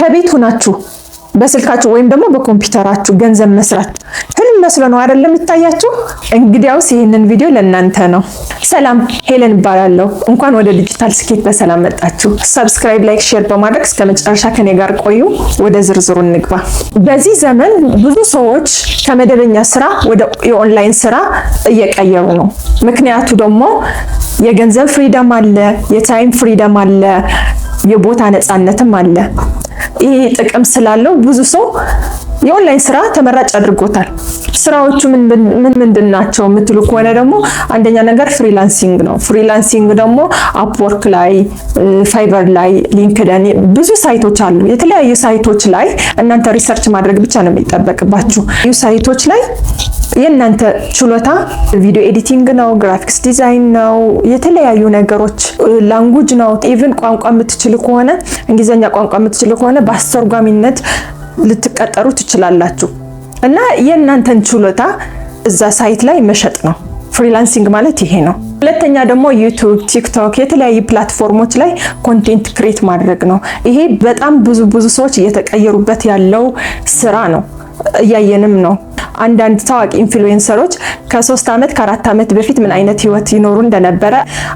ከቤት ሆናችሁ በስልካችሁ ወይም ደግሞ በኮምፒውተራችሁ ገንዘብ መስራት ህልም መስሎ ነው አይደለም የሚታያችሁ? እንግዲያውስ ይህንን ቪዲዮ ለእናንተ ነው። ሰላም ሄለን እባላለሁ። እንኳን ወደ ዲጂታል ስኬት በሰላም መጣችሁ። ሰብስክራይብ፣ ላይክ፣ ሼር በማድረግ እስከ መጨረሻ ከኔ ጋር ቆዩ። ወደ ዝርዝሩ እንግባ። በዚህ ዘመን ብዙ ሰዎች ከመደበኛ ስራ ወደ የኦንላይን ስራ እየቀየሩ ነው። ምክንያቱ ደግሞ የገንዘብ ፍሪደም አለ፣ የታይም ፍሪደም አለ የቦታ ነፃነትም አለ። ይሄ ጥቅም ስላለው ብዙ ሰው የኦንላይን ስራ ተመራጭ አድርጎታል። ስራዎቹ ምን ምንድን ናቸው የምትሉ ከሆነ ደግሞ አንደኛ ነገር ፍሪላንሲንግ ነው። ፍሪላንሲንግ ደግሞ አፕወርክ ላይ፣ ፋይበር ላይ፣ ሊንክደን ብዙ ሳይቶች አሉ። የተለያዩ ሳይቶች ላይ እናንተ ሪሰርች ማድረግ ብቻ ነው የሚጠበቅባችሁ። ሳይቶች ላይ የእናንተ ችሎታ ቪዲዮ ኤዲቲንግ ነው፣ ግራፊክስ ዲዛይን ነው፣ የተለያዩ ነገሮች ላንጉጅ ነው። ኢቭን ቋንቋ የምትችል ከሆነ እንግሊዝኛ ቋንቋ የምትችል ከሆነ በአስተርጓሚነት ልትቀጠሩ ትችላላችሁ። እና የእናንተን ችሎታ እዛ ሳይት ላይ መሸጥ ነው። ፍሪላንሲንግ ማለት ይሄ ነው። ሁለተኛ ደግሞ ዩቱብ፣ ቲክቶክ የተለያዩ ፕላትፎርሞች ላይ ኮንቴንት ክሬት ማድረግ ነው። ይሄ በጣም ብዙ ብዙ ሰዎች እየተቀየሩበት ያለው ስራ ነው። እያየንም ነው። አንዳንድ ታዋቂ ኢንፍሉዌንሰሮች ከሶስት ዓመት ከአራት ዓመት በፊት ምን አይነት ህይወት ይኖሩ እንደነበረ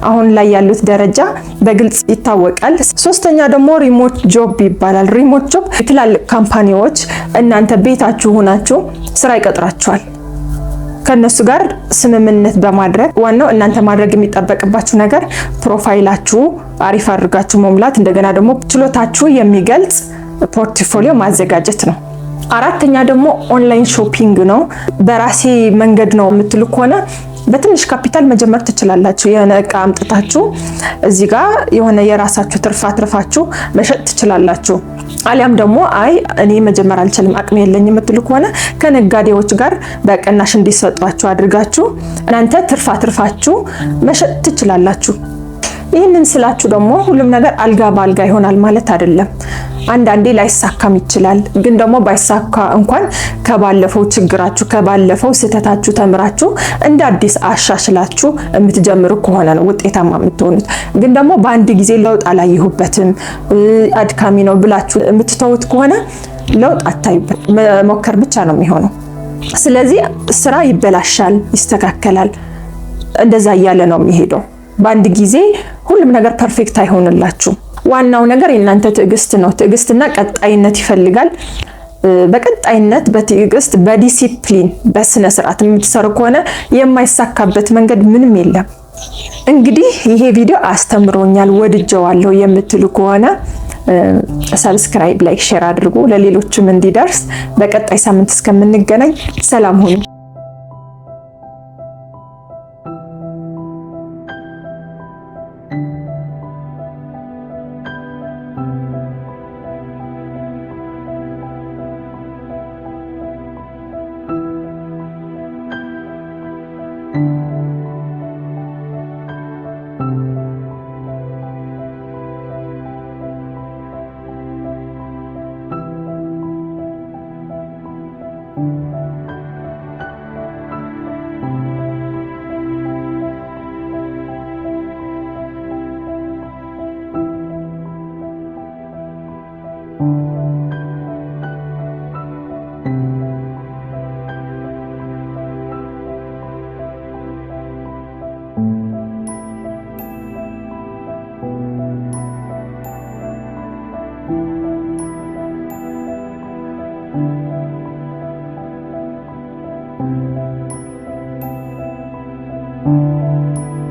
አሁን ላይ ያሉት ደረጃ በግልጽ ይታወቃል። ሶስተኛ ደግሞ ሪሞት ጆብ ይባላል። ሪሞት ጆብ ትላልቅ ካምፓኒዎች እናንተ ቤታችሁ ሆናችሁ ስራ ይቀጥራችኋል። ከነሱ ጋር ስምምነት በማድረግ ዋናው እናንተ ማድረግ የሚጠበቅባችሁ ነገር ፕሮፋይላችሁ አሪፍ አድርጋችሁ መሙላት፣ እንደገና ደግሞ ችሎታችሁ የሚገልጽ ፖርትፎሊዮ ማዘጋጀት ነው። አራተኛ ደግሞ ኦንላይን ሾፒንግ ነው። በራሴ መንገድ ነው የምትሉ ከሆነ በትንሽ ካፒታል መጀመር ትችላላችሁ። የሆነ እቃ አምጥታችሁ እዚህ ጋር የሆነ የራሳችሁ ትርፍ አትርፋችሁ መሸጥ ትችላላችሁ። አሊያም ደግሞ አይ እኔ መጀመር አልችልም አቅም የለኝ የምትሉ ከሆነ ከነጋዴዎች ጋር በቅናሽ እንዲሰጧችሁ አድርጋችሁ እናንተ ትርፍ አትርፋችሁ መሸጥ ትችላላችሁ። ይህንን ስላችሁ ደግሞ ሁሉም ነገር አልጋ በአልጋ ይሆናል ማለት አይደለም። አንዳንዴ ላይሳካም ይችላል። ግን ደግሞ ባይሳካ እንኳን ከባለፈው ችግራችሁ ከባለፈው ስህተታችሁ ተምራችሁ እንደ አዲስ አሻሽላችሁ የምትጀምሩ ከሆነ ነው ውጤታማ የምትሆኑት። ግን ደግሞ በአንድ ጊዜ ለውጥ አላየሁበትም አድካሚ ነው ብላችሁ የምትተውት ከሆነ ለውጥ አታዩበት፣ መሞከር ብቻ ነው የሚሆነው። ስለዚህ ስራ ይበላሻል፣ ይስተካከላል። እንደዛ እያለ ነው የሚሄደው። በአንድ ጊዜ ሁሉም ነገር ፐርፌክት አይሆንላችሁም። ዋናው ነገር የእናንተ ትዕግስት ነው። ትዕግስትና ቀጣይነት ይፈልጋል። በቀጣይነት በትዕግስት በዲሲፕሊን በስነ ስርዓት የምትሰሩ ከሆነ የማይሳካበት መንገድ ምንም የለም። እንግዲህ ይሄ ቪዲዮ አስተምሮኛል ወድጀዋለሁ የምትሉ ከሆነ ሰብስክራይብ፣ ላይክ፣ ሼር አድርጉ ለሌሎችም እንዲደርስ። በቀጣይ ሳምንት እስከምንገናኝ ሰላም ሁኑ። thank you